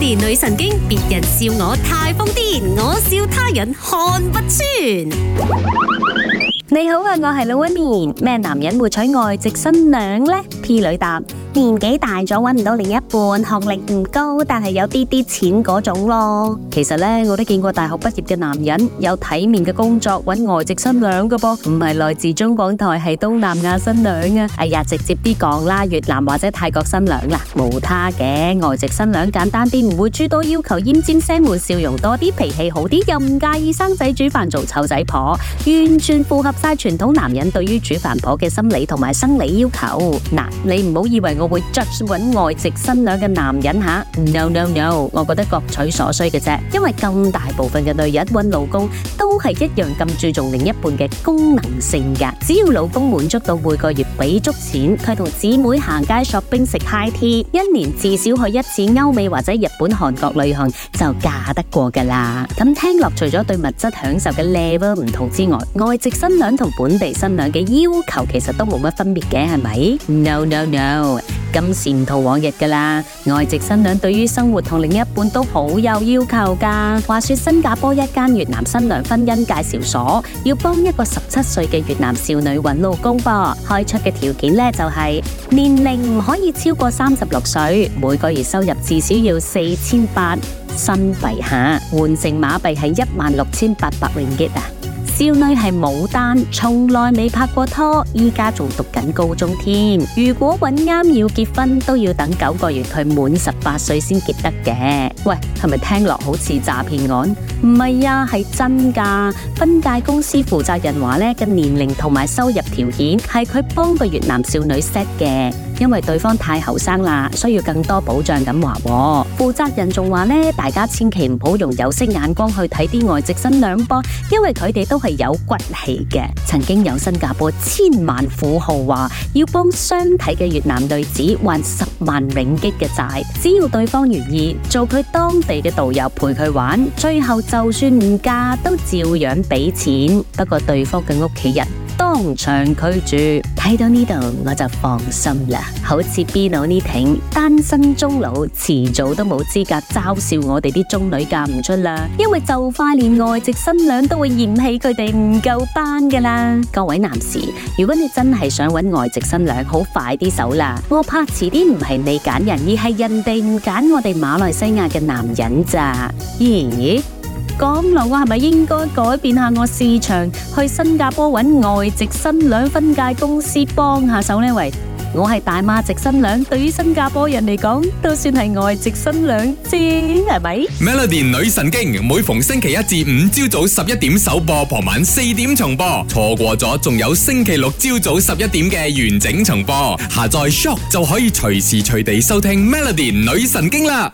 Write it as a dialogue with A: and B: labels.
A: 連女神經，別人笑我太瘋癲，我笑他人看不穿。你好啊，我係老溫妮。咩男人會娶外籍新娘呢？P 女答。年紀大咗揾唔到另一半，學歷唔高但係有啲啲錢嗰種咯。其實呢，我都見過大學畢業嘅男人有體面嘅工作，揾外籍新娘㗎噃，唔係來自中港台，係東南亞新娘啊。哎呀，直接啲講啦，越南或者泰國新娘啦，冇他嘅外籍新娘簡單啲，唔會諸多要求，奄尖聲悶，笑容多啲，脾氣好啲，又唔介意生仔煮飯做湊仔婆，完全符合晒傳統男人對於煮飯婆嘅心理同埋生理要求。嗱，你唔好以為。我會 judge 揾外籍新娘嘅男人吓，no no no，我覺得各取所需嘅啫。因為咁大部分嘅女人揾老公都係一樣咁注重另一半嘅功能性㗎，只要老公滿足到每個月俾足錢，佢同姊妹行街索冰食 high tea，一年至少去一次歐美或者日本韓國旅行就嫁得過㗎啦。咁聽落除咗對物質享受嘅 level 唔同之外，外籍新娘同本地新娘嘅要求其實都冇乜分別嘅，係咪？no no no。今時唔同往日噶啦，外籍新娘對於生活同另一半都好有要求噶話說新加坡一間越南新娘婚姻介紹所，要幫一個十七歲嘅越南少女揾老公噃，開出嘅條件咧就係、是、年齡唔可以超過三十六歲，每個月收入至少要四千八新幣下，換、啊、成馬幣係一萬六千八百令吉啊！少女係母單，從來未拍過拖，依家仲讀緊高中添。如果搵啱要結婚，都要等九個月，佢滿十八歲先結得嘅。喂，係咪聽落好似詐騙案？唔係呀，係真㗎。婚介公司負責人話咧，呢個年齡同埋收入條件係佢幫個越南少女 set 嘅，因為對方太後生啦，需要更多保障咁話。負責人仲話咧，大家千祈唔好用有色眼光去睇啲外籍新娘噃，因為佢哋都係。係有骨氣嘅，曾經有新加坡千萬富豪話要幫相睇嘅越南女子還十萬永激嘅債，只要對方願意做佢當地嘅導遊陪佢玩，最後就算唔嫁都照樣俾錢。不過對方嘅屋企人當場拒絕，睇到呢度我就放心啦。好似邊佬呢挺單身中佬，遲早都冇資格嘲笑我哋啲中女嫁唔出啦。因為就快連外籍新娘都會嫌棄佢哋唔夠班噶啦。各位男士，如果你真係想揾外籍新娘，好快啲走啦。我怕遲啲唔係你揀人，而係人哋唔揀我哋馬來西亞嘅男人咋？咦？講落我係咪應該改變下我市場，去新加坡揾外籍新娘分界公司幫下手呢？喂，我係大馬籍新娘，對於新加坡人嚟講都算係外籍新娘先係咪？Melody 女神經每逢星期一至五朝早十一點首播，傍晚四點重播，錯過咗仲有星期六朝早十一點嘅完整重播。下載 Shock 就可以隨時隨地收聽 Melody 女神經啦。